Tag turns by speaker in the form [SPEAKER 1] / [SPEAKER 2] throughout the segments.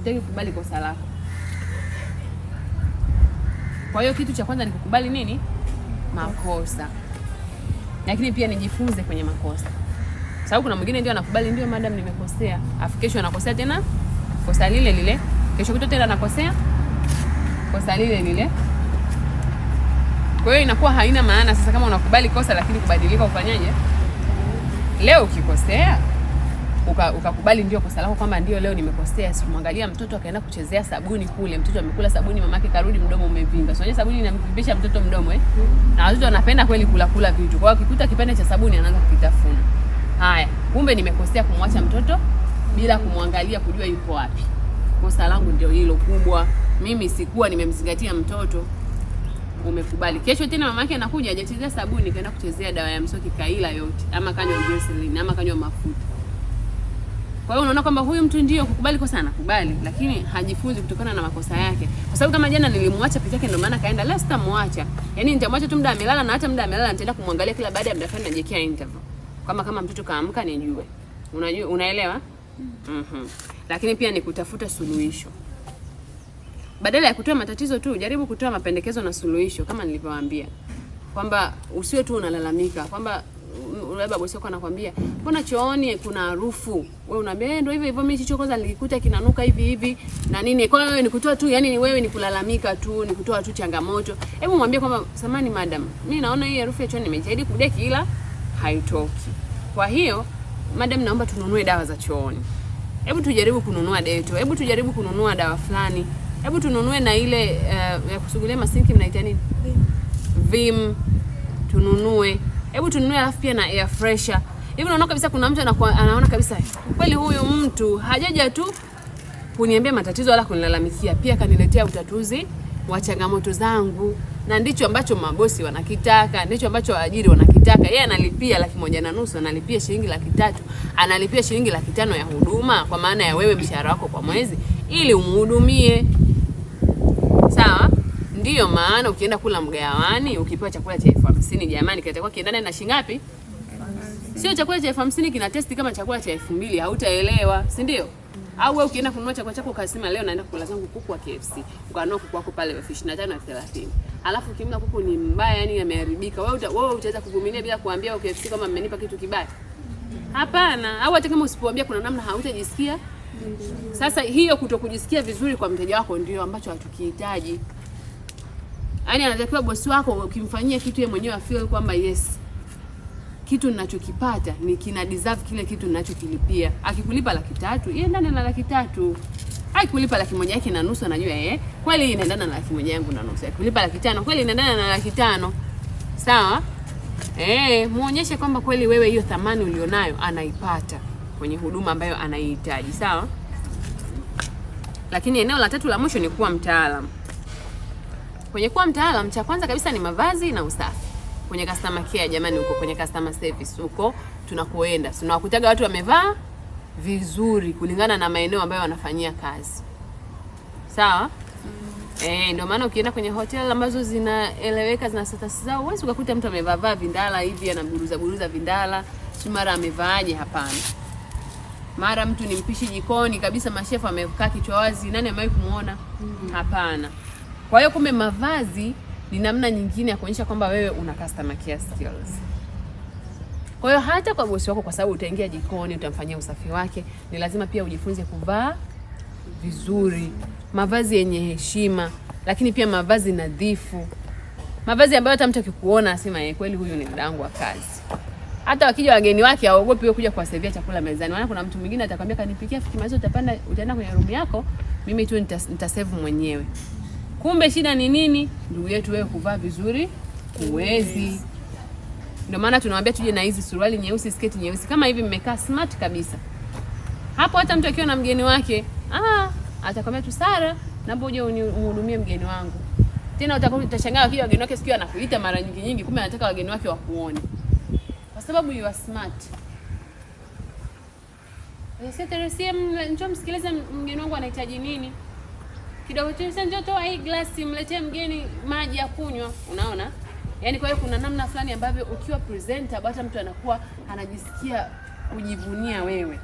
[SPEAKER 1] hutaki kukubali kosa lako. Kwa hiyo kitu cha kwanza ni kukubali nini? Makosa, lakini pia nijifunze kwenye makosa, sababu kuna mwingine ndio anakubali, ndio madam, nimekosea, afu kesho anakosea tena kosa lile lile, kesho kuto tena anakosea kosa lile lile. Kwa hiyo inakuwa haina maana sasa kama unakubali kosa, lakini kubadilika ufanyaje? Leo ukikosea ukakubali uka ndio kosa lako kwamba ndio leo nimekosea. Simwangalia mtoto akaenda kuchezea sabuni kule, mtoto amekula sabuni, mamake karudi, mdomo umevimba. So sabuni inamvimbisha mtoto mdomo eh? mm. na watoto wanapenda kweli kula kula vitu, kwa hiyo akikuta kipande cha sabuni anaanza kukitafuna. Haya, kumbe nimekosea kumwacha mtoto bila kumwangalia, kujua yuko wapi. Kosa langu ndio hilo kubwa, mimi sikuwa nimemzingatia mtoto. Umekubali. Kesho tena mamake anakuja hajachezea sabuni, kaenda kuchezea dawa ya msoki, kaila yote, ama kanywa Vaseline ama kanywa mafuta kwa hiyo unaona kwamba huyu mtu ndio kukubali kosa kukubali, lakini hajifunzi kutokana na makosa yake. Kwa sababu kama jana nilimwacha peke yake ndio maana kaenda, leo sitamwacha. Yaani nitamwacha tu muda amelala na hata muda amelala nitaenda kumwangalia kila baada ya muda fulani najekea interview. Kama kama mtoto kaamka nijue. Unajua unaelewa? Mhm. Mm, lakini pia ni kutafuta suluhisho. Badala ya kutoa matatizo tu, jaribu kutoa mapendekezo na suluhisho kama nilivyowaambia. Kwamba usiwe tu unalalamika kwamba labda bosi wako anakwambia mbona chooni kuna harufu, wewe unaambia eh, ndio hivyo hivyo, mimi chicho kwanza nilikuta kinanuka hivi hivi na nini. Kwa hiyo ni kutoa tu, yani wewe ni kulalamika tu, ni kutoa tu changamoto. Hebu mwambie kwamba samani madam, mimi naona hii harufu ya chooni nimejitahidi kudeki ila haitoki. Kwa hiyo madam, naomba tununue dawa za chooni. Hebu tujaribu kununua deto, hebu tujaribu kununua dawa fulani, hebu tununue na ile uh, ya kusugulia masinki mnaita nini? Vim tununue hebu tununue, alafu pia na air fresher. Hivi unaona kabisa kuna mtu anakuwa, anaona kabisa kweli huyu mtu hajaja tu kuniambia matatizo wala kunilalamikia, pia kaniletea utatuzi wa changamoto zangu, na ndicho ambacho mabosi wanakitaka, ndicho ambacho waajiri wanakitaka. Yeye analipia laki moja na nusu, analipia shilingi laki tatu, analipia shilingi laki tano ya huduma, kwa maana ya wewe mshahara wako kwa mwezi, ili umhudumie. Ndiyo maana ukienda kula mgawani ukipewa chakula cha elfu hamsini jamani, kitakuwa kiendane na shilingi ngapi? Sio chakula cha elfu hamsini kina testi kama chakula cha elfu mbili hautaelewa, si ndio? Au wewe ukienda kununua chakula chako ukasema leo naenda kula zangu kuku wa KFC, ukanunua kuku wako pale elfu ishirini na tano elfu thelathini alafu ukimla kuku ni mbaya, yani yameharibika, wewe wewe utaweza kuvumilia bila kuambia KFC kama mmenipa kitu kibaya? Hapana. Au hata kama usipoambia, kuna namna hautajisikia. Sasa hiyo kutokujisikia vizuri kwa mteja wako ndio ambacho hatukihitaji. Yaani anatakiwa bosi wako ukimfanyia kitu yeye mwenyewe afeel kwamba yes. Kitu ninachokipata ni kina deserve kile kitu ninachokilipia. Akikulipa laki tatu, ndani na laki tatu. Akikulipa laki moja yake na nusu anajua yeye kweli inaendana na laki moja yangu na nusu. Akikulipa laki tano, kweli inaendana na laki tano. Sawa? Eh, muonyeshe kwamba kweli wewe hiyo thamani ulionayo anaipata kwenye huduma ambayo anaihitaji, sawa? Lakini eneo la tatu la mwisho ni kuwa mtaalamu. Kwenye kuwa mtaalam, cha kwanza kabisa ni mavazi na usafi. Kwenye customer care, jamani, huko kwenye customer service huko tunakoenda tunawakutaga watu wamevaa vizuri kulingana na maeneo ambayo wanafanyia kazi, sawa? Mm. Eh, ndio maana ukienda kwenye hotel ambazo zinaeleweka zina status zao, huwezi ukakuta mtu amevaa vindala hivi anaburuza buruza vindala, si mara amevaaje? Hapana, mara mtu ni mpishi jikoni kabisa, mashefu amekaa kichwa wazi, nani amewahi kumuona? Mm. Hapana. Kwa hiyo kumbe mavazi ni namna nyingine ya kuonyesha kwamba wewe una customer care skills. Kwa hiyo hata kwa bosi wako, kwa sababu utaingia jikoni, utamfanyia usafi wake, ni lazima pia ujifunze kuvaa vizuri, mavazi yenye heshima, lakini pia mavazi nadhifu, mavazi ambayo hata mtu akikuona asema yeye, eh, kweli huyu ni mdangu wa kazi. Hata wakija wageni wake haogopi wewe kuja kuwasevia chakula mezani, maana kuna mtu mwingine atakwambia, kanipikia fikimalizo, utapanda utaenda kwenye room yako, mimi tu nitasave mwenyewe. Kumbe shida ni nini, ndugu yetu? Wewe kuvaa vizuri huwezi. Ndio maana tunawaambia tuje na hizi suruali nyeusi, sketi nyeusi. Kama hivi mmekaa smart kabisa, hapo hata mtu akiwa na mgeni wake ah, atakwambia tu, Sara, naomba uje unihudumie mgeni wangu. Tena utakuwa utashangaa kile wageni wake sikio anakuita mara nyingi nyingi, kumbe anataka wageni wake wakuone, kwa sababu you are smart. Eh, Sasa Teresia, njoo msikilize mgeni wangu anahitaji nini kidogo cha njoo toa hii glasi mletee mgeni maji ya kunywa, unaona? Yaani kwa hiyo kuna namna fulani ambavyo ukiwa presenter hata mtu anakuwa anajisikia kujivunia wewe.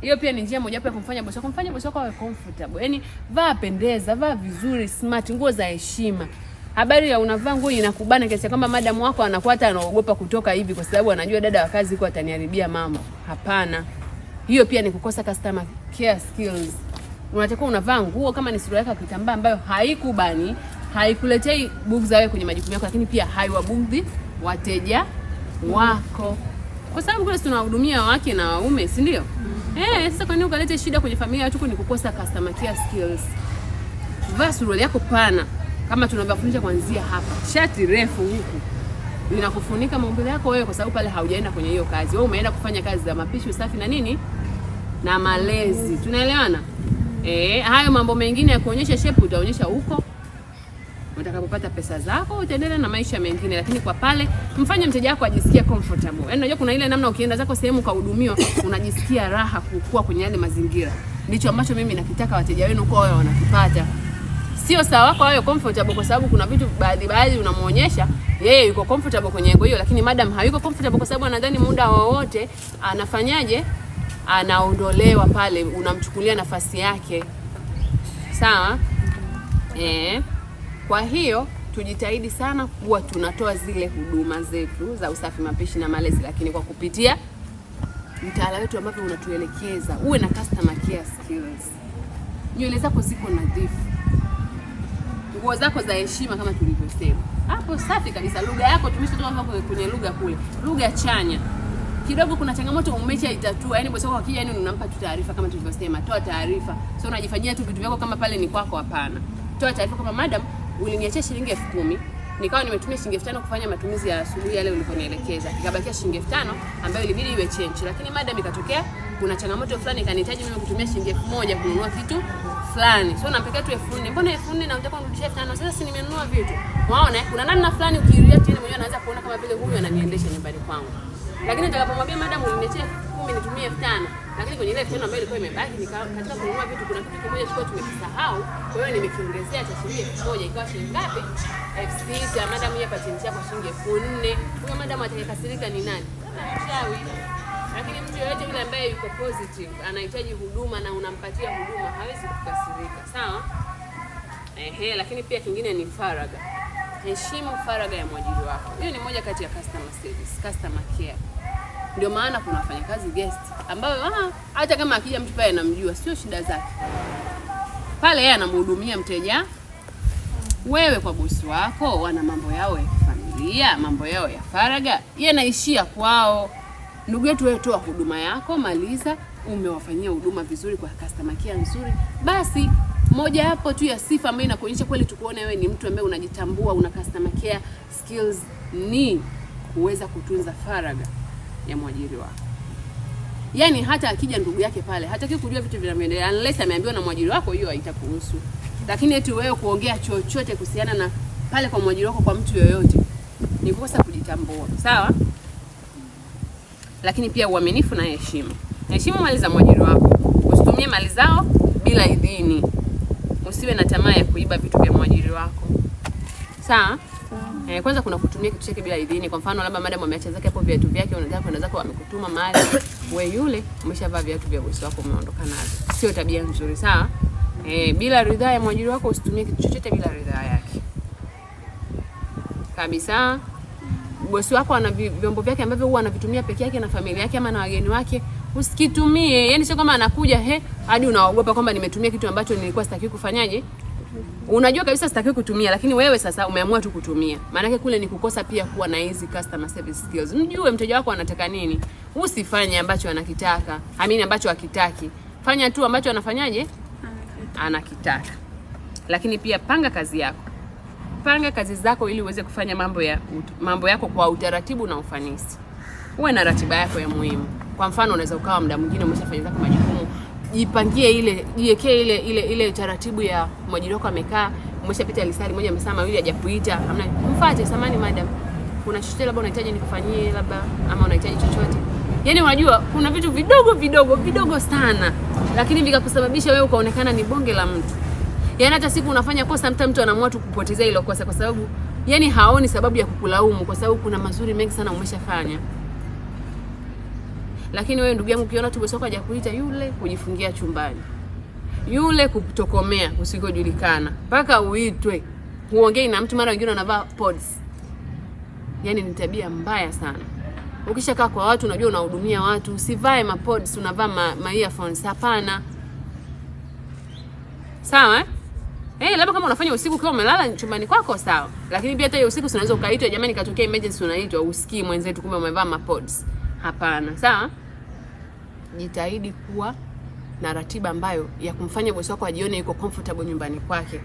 [SPEAKER 1] Hiyo pia ni njia mojawapo ya kumfanya bosi wako kumfanya bosi wako awe comfortable. Yaani vaa pendeza, vaa vizuri, smart, nguo za heshima. Habari ya unavaa nguo inakubana kiasi kwamba madam wako anakuwa hata anaogopa kutoka hivi kwa sababu anajua dada wa kazi yuko ataniharibia mambo. Hapana. Hiyo pia ni kukosa customer care skills unatakiwa unavaa nguo kama ni suruali yako kitambaa ambayo haikubani, haikuletei bughudha wewe kwenye majukumu yako, lakini pia haiwabughdhi wateja wako, kwa sababu kule tunawahudumia wake na waume, si ndio? mm. Eh, sasa kwa nini ukalete shida kwenye familia yetu? Ni kukosa customer care skills. Vaa suruali yako pana kama tunavyofundisha kuanzia hapa, shati refu huku linakufunika maumbile yako wewe, kwa sababu pale haujaenda kwenye hiyo kazi. Wewe umeenda kufanya kazi za mapishi, usafi na nini na malezi, tunaelewana? Eh, hayo mambo mengine ya kuonyesha shape utaonyesha huko utakapopata pesa zako, utaendelea na maisha mengine, lakini kwa pale mfanye mteja wako ajisikie comfortable. Yaani unajua kuna ile namna ukienda zako sehemu ukahudumiwa unajisikia raha kukua kwenye yale mazingira. Ndicho ambacho mimi nakitaka wateja wenu kwa wao wanakipata. Sio sawa kwa wao comfortable, kwa sababu kuna vitu baadhi baadhi unamuonyesha yeye yuko comfortable kwenye engo hiyo, lakini madam hayuko comfortable kwa sababu anadhani muda wowote anafanyaje anaondolewa pale, unamchukulia nafasi yake, sawa e. Kwa hiyo tujitahidi sana kuwa tunatoa zile huduma zetu za usafi, mapishi na malezi, lakini kwa kupitia mtaala wetu ambavyo unatuelekeza uwe na customer care skills. Nywele zako ziko nadhifu, nguo zako za heshima kama tulivyosema hapo, safi kabisa. Lugha yako tumeshatoka kwenye lugha kule, lugha chanya kidogo kuna changamoto umesha itatua, yani bosi wako akija, yani unampa tu taarifa kama tulivyosema, toa taarifa, sio unajifanyia tu vitu vyako kama pale ni kwako. Hapana, toa taarifa kama madam, uliniachia shilingi elfu kumi nikawa nimetumia shilingi elfu tano kufanya matumizi ya asubuhi yale ulivyonielekeza, ikabakia shilingi elfu tano ambayo ilibidi iwe change, lakini madam ikatokea kuna changamoto fulani ikanihitaji mimi kutumia shilingi elfu moja kununua kitu fulani, sio nampekea tu elfu nne mbona elfu nne na unataka kunirudishia elfu tano Sasa si nimenunua vitu, waona eh? kuna namna fulani ukiiria tena mwenyewe anaanza kuona kama vile huyu ananiendesha nyumbani kwangu lakini nitakapomwambia madam uniletee kumi nitumie elfu tano lakini kwenye ile elfu tano ambayo ilikuwa imebaki nikaanza kununua vitu, kuna kitu kimoja tulikuwa tumekisahau, kwa hiyo nimekiongezea cha shilingi elfu moja ikawa shilingi ngapi? elfu sita Madam yeye patenti kwa shilingi elfu nne Huyo madam atakayekasirika ni nani? Mchawi. Lakini mtu yoyote yule ambaye yuko positive anahitaji huduma na unampatia huduma hawezi kukasirika, sawa? Ehe, lakini pia kingine ni faragha heshimu faragha ya mwajiri wako. Hiyo ni moja kati ya customer service, customer care. Ndio maana kuna wafanyakazi guest ambayo ah, hata kama akija mtu pale anamjua, sio shida zake pale, yeye anamhudumia mteja. Wewe kwa bosi wako wana mambo yao ya kifamilia, mambo yao ya faragha anaishia kwao. Ndugu yetu, wewe toa huduma yako, maliza, umewafanyia huduma vizuri, kwa customer care nzuri, basi moja hapo tu ya sifa ambayo inakuonyesha kweli tukuone wewe ni mtu ambaye unajitambua, una customer care skills ni kuweza kutunza faragha ya mwajiri wako. Yaani hata akija ndugu yake pale hataki kujua vitu vinavyoendelea unless ameambiwa na mwajiri wako, hiyo haitakuhusu. Lakini eti wewe kuongea chochote kuhusiana na pale kwa mwajiri wako kwa mtu yoyote ni kosa kujitambua, sawa? Lakini pia uaminifu na heshima. Heshima mali za mwajiri wako, usitumie mali zao bila idhini usiwe na tamaa ya kuiba vitu vya mwajiri wako. Sawa? Eh, kwanza kuna kutumia kitu chake bila idhini. Kwa mfano labda madam ameacha zake hapo viatu vyake, unataka kwenda zako, amekutuma mahali wewe yule umeshavaa viatu vya bosi wako umeondoka nazo. Sio tabia nzuri, sawa? Eh, bila ridhaa ya mwajiri wako usitumie kitu chochote bila ridhaa yake. Kabisa. Mm. Bosi wako ana vyombo vyake ambavyo huwa anavitumia peke yake na familia yake ama na wageni wake, usikitumie. Yani sio kama anakuja he hadi unaogopa kwamba nimetumia kitu ambacho nilikuwa sitaki kufanyaje. Unajua kabisa sitaki kutumia, lakini wewe sasa umeamua tu kutumia. Maanake kule ni kukosa pia kuwa na hizi customer service skills. Mjue mteja wako anataka nini, usifanye ambacho anakitaka, amini ambacho akitaki. Fanya tu ambacho anafanyaje, anakitaka. Lakini pia panga kazi yako, panga kazi zako ili uweze kufanya mambo ya mambo yako kwa utaratibu na ufanisi. Uwe na ratiba yako ya muhimu. Kwa mfano unaweza ukawa muda mwingine umeshafanya zako majukumu, jipangie ile jiwekee ile ile ile taratibu ya mwajiri wako amekaa, umeshapita lisali moja amesema mawili hajakuita, hamna mfuate, samani madam, kuna chochote labda unahitaji nikufanyie labda, ama unahitaji chochote Yaani unajua kuna vitu vidogo vidogo vidogo sana, lakini vikakusababisha wewe ukaonekana ni bonge la mtu. Yaani hata siku unafanya kosa, mta mtu anaamua tu kupotezea ile kosa, kwa sababu yani haoni sababu ya kukulaumu, kwa sababu kuna mazuri mengi sana umeshafanya. Lakini wewe ndugu yangu, ukiona tumbo soko hajakuita, yule kujifungia chumbani, yule kutokomea usikojulikana mpaka uitwe, huongei na mtu. Mara wengine wanavaa pods, yaani ni tabia mbaya sana. Ukishakaa kwa watu, unajua unahudumia watu, usivae mapods, unavaa ma, ma earphones. Hapana, sawa eh? Hey, eh, labda kama unafanya usiku ukiwa umelala chumbani kwako sawa, lakini pia hata hiyo usiku unaweza ukaitwa, jamani, katokea emergency, unaitwa usikii mwenzetu, kumbe umevaa mapods. Hapana, sawa jitahidi kuwa na ratiba ambayo ya kumfanya bosi wako ajione yuko comfortable nyumbani kwake.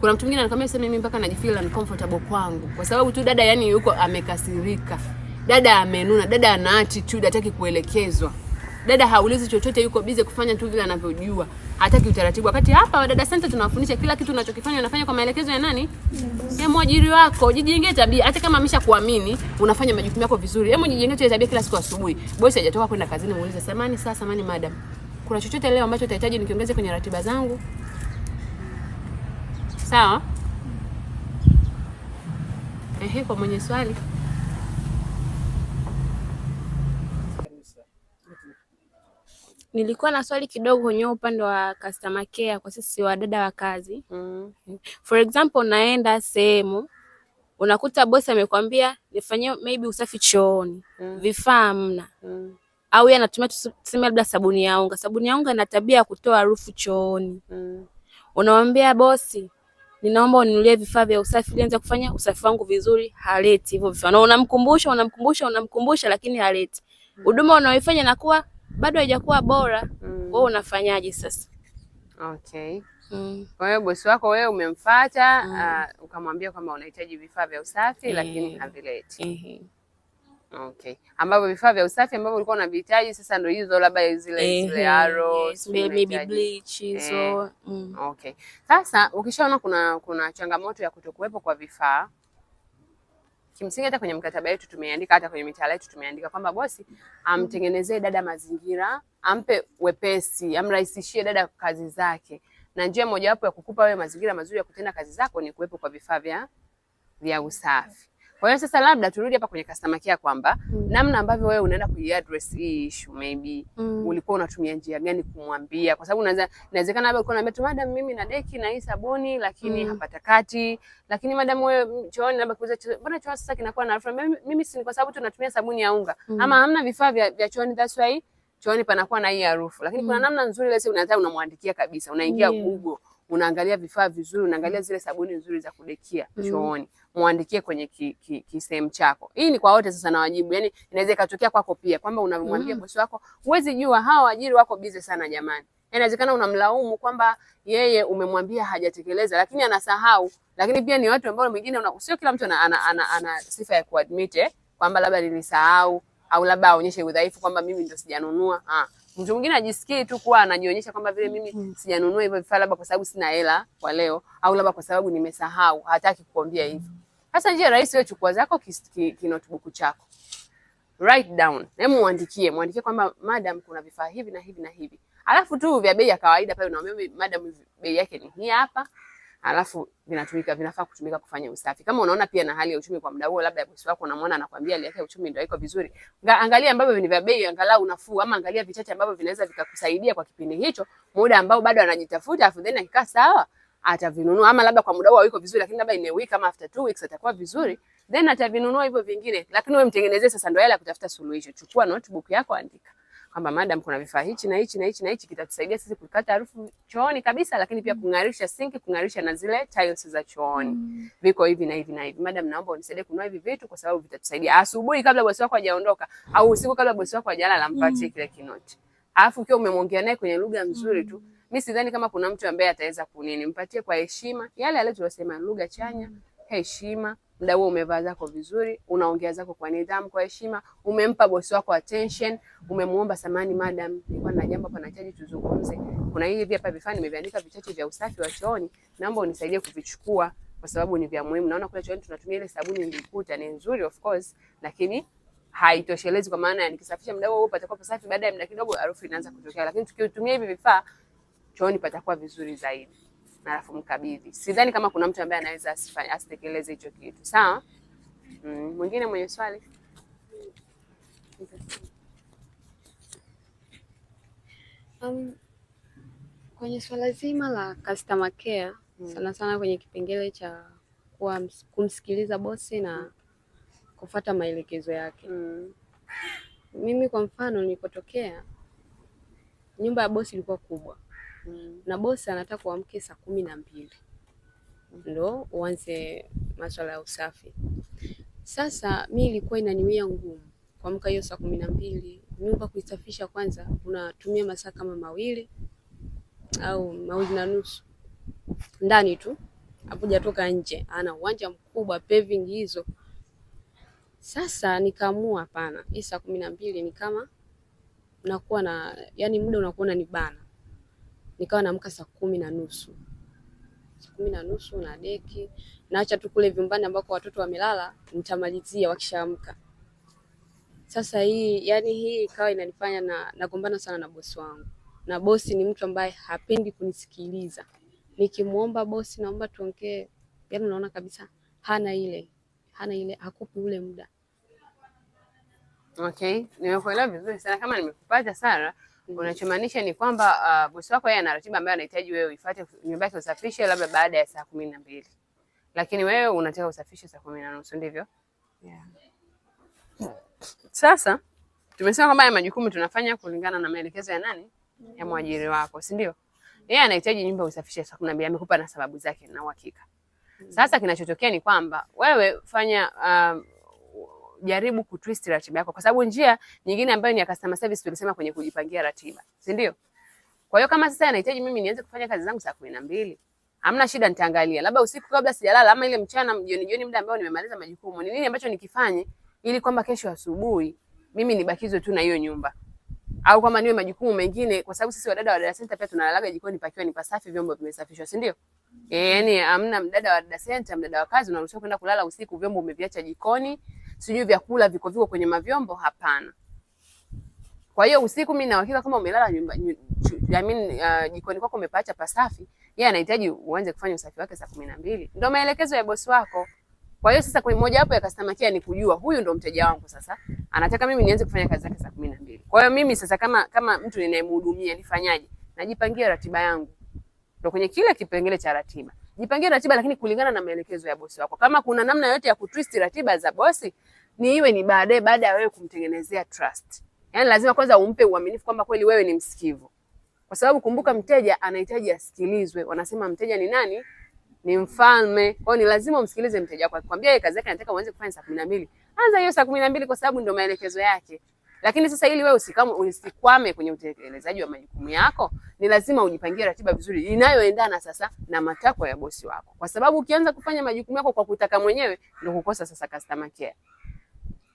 [SPEAKER 1] Kuna mtu mwingine anakwambia sasa, mimi mpaka najifeel uncomfortable kwangu kwa sababu tu dada yani yuko amekasirika, dada amenuna, dada ana attitude, hataki kuelekezwa dada haulizi chochote, yuko bize kufanya tu vile anavyojua, hataki utaratibu. Wakati hapa wadada senta tunawafundisha kila kitu unachokifanya unafanya kwa maelekezo ya nani? Ya mwajiri wako. Jijengee tabia, hata kama kuamini unafanya majukumu yako vizuri, hebu jijengee tabia. Kila siku asubuhi bosi hajatoka kwenda kazini, muulize samani, saa samani madam, kuna chochote leo ambacho utahitaji nikiongeze kwenye ratiba zangu? Sawa. Ehe, kwa mwenye swali
[SPEAKER 2] Nilikuwa na swali kidogo kwenye upande wa customer care kwa sisi wadada wa kazi. Mm. For example, unaenda sehemu unakuta bosi amekwambia nifanyie maybe usafi chooni. Mm. Vifaa hamna. Mm. Au yeye anatumia tuseme labda sabuni ya unga. Sabuni ya unga ina tabia ya kutoa harufu chooni. Mm. Unamwambia bosi, ninaomba uninunulie vifaa vya usafi ili nianze kufanya usafi wangu vizuri, haleti hivyo vifaa. Na unamkumbusha, unamkumbusha, unamkumbusha lakini haleti. Mm. Huduma unaoifanya inakuwa bado haijakuwa bora mm. wewe unafanyaje sasa?
[SPEAKER 1] Okay. Mm. Kwa hiyo bosi wako wewe umemfuata mm. uh, ukamwambia kwamba unahitaji vifaa vya usafi mm. lakini havileti mm eh. -hmm. Okay. Ambavyo vifaa vya usafi ambavyo ulikuwa unavihitaji sasa ndio hizo labda zile eh, zile aro, yes,
[SPEAKER 2] maybe bleach hizo. Eh.
[SPEAKER 1] Mm. Okay. Sasa ukishaona kuna kuna changamoto ya kutokuwepo kwa vifaa kimsingi hata kwenye mkataba wetu tumeandika, hata kwenye mitaala yetu tumeandika kwamba bosi amtengenezee dada mazingira, ampe wepesi, amrahisishie dada kazi zake, na njia mojawapo ya kukupa wewe mazingira mazuri ya kutenda kazi zako ni kuwepo kwa vifaa vya usafi. Kwa hiyo sasa labda turudi hapa kwenye customer care kwamba mm. namna ambavyo wewe unaenda kuiaddress hii issue maybe mm. ulikuwa unatumia njia gani kumwambia, kwa sababu unaweza inawezekana labda ulikuwa unaambia tu madam, mimi na deki na hii sabuni lakini mm. hapatakati, lakini madam wewe chooni labda kuuza mbona choo sasa kinakuwa na harufu, mimi mimi si kwa sababu tunatumia sabuni ya unga mm. ama hamna vifaa vya, vya chooni that's why chooni panakuwa na hii harufu, lakini mm. kuna namna nzuri leo unaanza unamwandikia kabisa, unaingia yeah. Google unaangalia vifaa vizuri, unaangalia mm. zile sabuni nzuri za kudekia mm. chooni, mwandikie kwenye kisehemu ki, ki chako. Hii ni kwa wote sasa nawajibu. yani inaweza ikatokea kwako pia kwamba unamwambia mm. bosi wako, huwezi jua, hawa waajiri wako bize sana jamani. Inawezekana unamlaumu kwamba yeye umemwambia hajatekeleza, lakini anasahau. Lakini pia ni watu ambao mwingine, sio kila mtu ana, ana, ana, ana sifa ya kuadmit eh, kwamba labda nilisahau au labda aonyeshe udhaifu kwamba mimi ndo sijanunua ah mtu mwingine ajisikii tu kuwa anajionyesha kwamba vile mimi mm-hmm. sijanunua hivyo vifaa, labda kwa sababu sina hela kwa leo, au labda kwa sababu nimesahau. Hataki kukwambia hivyo. Sasa njia rahisi, wewe chukua zako kinotibuku chako, write down, hebu muandikie, muandikie kwamba madam, kuna vifaa hivi na hivi na hivi, alafu tu vya bei ya kawaida pale unaambia madam, bei yake ni hii hapa alafu vinatumika vinafaa kutumika kufanya usafi. Kama unaona pia na hali ya uchumi kwa muda huo, labda bosi wako unamwona anakuambia hali ya uchumi ndio haiko vizuri, angalia ambavyo ni vya bei angalau unafuu, ama angalia vichache ambavyo vinaweza vikakusaidia kwa kipindi hicho, muda ambao bado anajitafuta, afu then akikaa sawa atavinunua, ama labda kwa muda huo haiko vizuri, lakini labda in a week ama after two weeks atakuwa vizuri, then atavinunua hivyo vingine. Lakini wewe mtengenezee sasa, ndio yale ya kutafuta suluhisho. Chukua notebook yako, andika kwamba madam, kuna vifaa hichi na hichi na hichi na hichi, kitatusaidia sisi kukata harufu chooni kabisa, lakini pia mm. kungarisha sinki, kungarisha na zile tiles za chooni. Mm. Viko hivi na hivi na hivi. Madam, naomba unisaidie kununua hivi vitu kwa sababu vitatusaidia asubuhi kabla bosi wako hajaondoka au usiku kabla bosi wako hajalala, mpatie mm. kile kinoti. Alafu ukiwa umemwongea naye kwenye lugha nzuri tu, mimi mm. sidhani kama kuna mtu ambaye ataweza kunini, mpatie kwa heshima yale aliyosema, lugha chanya, heshima muda huo umevaa zako vizuri, unaongea zako kwa nidhamu, kwa heshima, umempa bosi wako attention, umemuomba samani, madam, nilikuwa na jambo hapa nahitaji tuzungumze. Kuna hivi hapa vifaa nimeviandika vichache vya usafi wa chooni, naomba unisaidie kuvichukua kwa sababu ni vya muhimu. Naona kule chooni tunatumia ile sabuni nilikuta ni nzuri of course, lakini haitoshelezi kwa maana nikisafisha muda huo patakuwa pasafi, baada ya muda kidogo harufu inaanza kutokea, lakini tukitumia hivi vifaa chooni patakuwa vizuri zaidi na alafu mkabidhi. Sidhani kama kuna mtu ambaye anaweza asifanye asitekeleze hicho kitu, sawa? Mm, mwingine mwenye swali
[SPEAKER 2] um, kwenye swala zima la customer care mm, sana sana kwenye kipengele cha kuwa kumsikiliza bosi na kufata maelekezo yake mm. Mimi kwa mfano nilipotokea, nyumba ya bosi ilikuwa kubwa mm. na bosi anataka uamke saa kumi na mbili mm. ndo uanze masuala ya usafi. Sasa mi ilikuwa inaniwia ngumu kuamka hiyo saa kumi na mbili, nyumba kuisafisha kwanza unatumia masaa kama mawili au mawili na nusu ndani tu, toka nje, ana uwanja mkubwa paving hizo. Sasa nikaamua hapana, hii saa kumi na mbili ni kama nakuwa na yani muda unakuwa ni bana nikawa naamka saa kumi na nusu saa kumi na nusu na deki naacha tu kule vyumbani ambako watoto wamelala, nitamalizia wakishaamka. Sasa hii yani, hii ikawa inanifanya na nagombana sana na bosi wangu, na bosi ni mtu ambaye hapendi kunisikiliza. Nikimuomba bosi, naomba tuongee, yani unaona kabisa hana ile hana ile, hakupi ule muda.
[SPEAKER 1] Okay, nimekuelewa vizuri sana, kama nimekupata Sara. Mm. Unachomaanisha ni kwamba uh, bosi wako yeye ana ratiba ambayo anahitaji wewe uifuate, nyumba yake usafishe labda baada ya saa kumi na mbili, lakini wewe unataka usafishe saa kumi na nusu ndivyo? Yeah. Sasa tumesema kwamba haya majukumu tunafanya kulingana na maelekezo ya nani? Ya mwajiri wako, si ndio? Yeye anahitaji nyumba usafishe saa kumi na mbili, amekupa na sababu zake na uhakika. Mm. Sasa kinachotokea ni kwamba wewe fanya uh, jaribu kutwist ratiba yako, kwa sababu njia nyingine ambayo ni ya customer service tulisema kwenye kujipangia ratiba, si ndio? Kwa hiyo kama sasa anahitaji mimi nianze kufanya kazi zangu saa kumi na mbili hamna shida, nitaangalia labda usiku kabla sijalala, ama ile mchana, jioni jioni, muda ambao nimemaliza majukumu, ni nini ambacho nikifanye ili kwamba kesho asubuhi mimi nibakizwe tu na hiyo nyumba au kama niwe majukumu mengine, kwa sababu sisi wadada wa dada center pia tunalalaga jikoni pakiwa ni pasafi, vyombo vimesafishwa, si ndio? Eh, yani amna mdada wa dada center, mdada wa kazi unaruhusiwa kwenda kulala usiku, vyombo umeviacha jikoni, sijui vyakula viko viko kwenye mavyombo, hapana. Kwa hiyo usiku mimi na kama umelala nyumba, I mean uh, jikoni kwako umepaacha pasafi, yeye anahitaji uanze kufanya usafi wake saa kumi na mbili. Ndio maelekezo ya bosi wako. Kwa hiyo sasa, kwa moja hapo ya customer care ni kujua huyu ndo mteja wangu, sasa anataka mimi nianze kufanya kazi zake saa kumi na mbili. Kwa hiyo mimi sasa, kama kama mtu ninayemhudumia, nifanyaje? Najipangia ratiba yangu, Ndio kwenye kile kipengele cha ratiba Jipangie ratiba lakini kulingana na maelekezo ya bosi wako. Kama kuna namna yote ya kutwist ratiba za bosi, ni iwe ni baadaye baada ya wewe kumtengenezea trust. Yaani lazima kwanza umpe uaminifu kwamba kweli wewe ni msikivu. Kwa sababu kumbuka, mteja anahitaji asikilizwe. Wanasema mteja ni nani? Ni mfalme. Kwa ni lazima umsikilize mteja wako. Akikwambia yeye kazi yake anataka uanze kufanya saa kumi na mbili, anza hiyo saa kumi na mbili kwa sababu ndio maelekezo yake. Lakini sasa ili wewe usikame usikwame kwenye utekelezaji wa majukumu yako, ni lazima ujipangie ratiba vizuri inayoendana sasa na matakwa ya bosi wako, kwa sababu ukianza kufanya majukumu yako kwa kutaka mwenyewe ndio kukosa sasa customer care.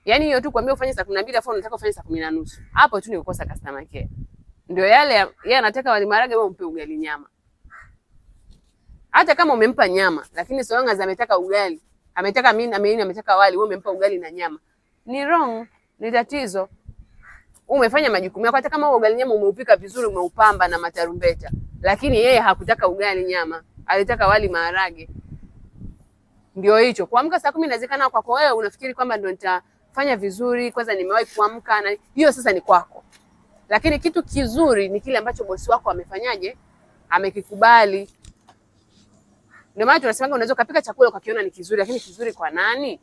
[SPEAKER 1] Yaani hiyo tu kuambia ufanye saa 12 afu unataka ufanye saa 10:30. Hapo tu ni kukosa customer care. Ndio yale yeye anataka wali maharage, wewe umpe ugali nyama. Hata kama umempa nyama, lakini Solange ametaka ugali. Ametaka mimi na mimi ametaka wali, wewe umempa ugali na nyama. Ni wrong, ni tatizo umefanya majukumu yako. Hata kama ugali nyama umeupika vizuri, umeupamba na matarumbeta, lakini yeye hakutaka ugali nyama, alitaka wali maharage. Ndio hicho kuamka saa kumi. Inawezekana kwako wewe unafikiri kwamba ndio nitafanya vizuri, kwanza nimewahi kuamka, na hiyo sasa ni kwako. Lakini kitu kizuri ni kile ambacho bosi wako amefanyaje, amekikubali. Ndio maana tunasema unaweza kupika chakula ukakiona ni kizuri, lakini kizuri kwa nani?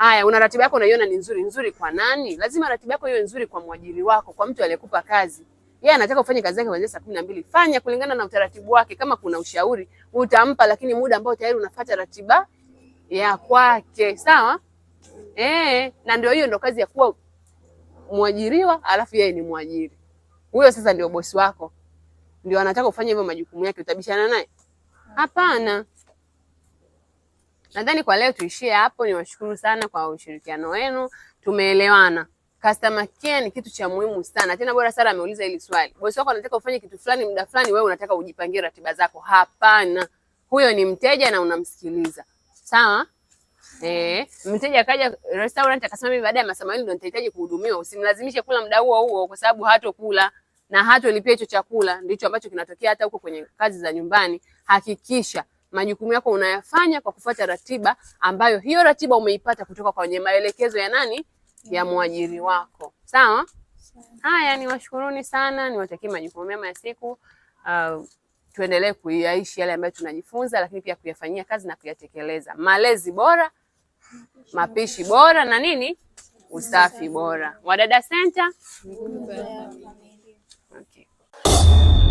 [SPEAKER 1] Haya, una ratiba yako unaiona ni nzuri, nzuri kwa nani? Lazima ratiba yako iwe nzuri kwa mwajiri wako, kwa mtu aliyekupa kazi. Yeye anataka ufanye kazi yake kuanzia saa kumi na mbili. Fanya kulingana na utaratibu wake. Kama kuna ushauri utampa, lakini muda ambao tayari unafuata ratiba ya kwake, sawa? Eh, na ndio hiyo ndio kazi ya kuwa mwajiriwa, alafu yeye ni mwajiri. Huyo sasa ndio bosi wako, ndio anataka ufanye hivyo majukumu yake. Utabishana naye? Hapana. Nadhani kwa leo tuishie hapo. Niwashukuru sana kwa ushirikiano wenu, tumeelewana. Customer care ni kitu cha muhimu sana. Tena bora Sara ameuliza hili swali. Bosi wako anataka ufanye kitu fulani muda fulani, wewe unataka ujipangie ratiba zako. Hapana, huyo ni mteja na unamsikiliza, sawa? Eh, mteja akaja restaurant akasema mimi baada ya masaa mawili ndio nitahitaji kuhudumiwa, usimlazimishe kula muda huo huo, kwa sababu hatokula na hatolipia hicho chakula. Ndicho ambacho kinatokea hata huko kwenye kazi za nyumbani. Hakikisha majukumu yako unayafanya kwa kufuata ratiba ambayo hiyo ratiba umeipata kutoka kwenye maelekezo ya nani? Ya mm. mwajiri wako. Sawa? Haya, niwashukuruni sana, niwatakie majukumu mema ya siku. Uh, tuendelee kuyaishi yale ambayo tunajifunza, lakini pia kuyafanyia kazi na kuyatekeleza. Malezi bora, mapishi bora na nini? Usafi bora. Wadada Center. Okay.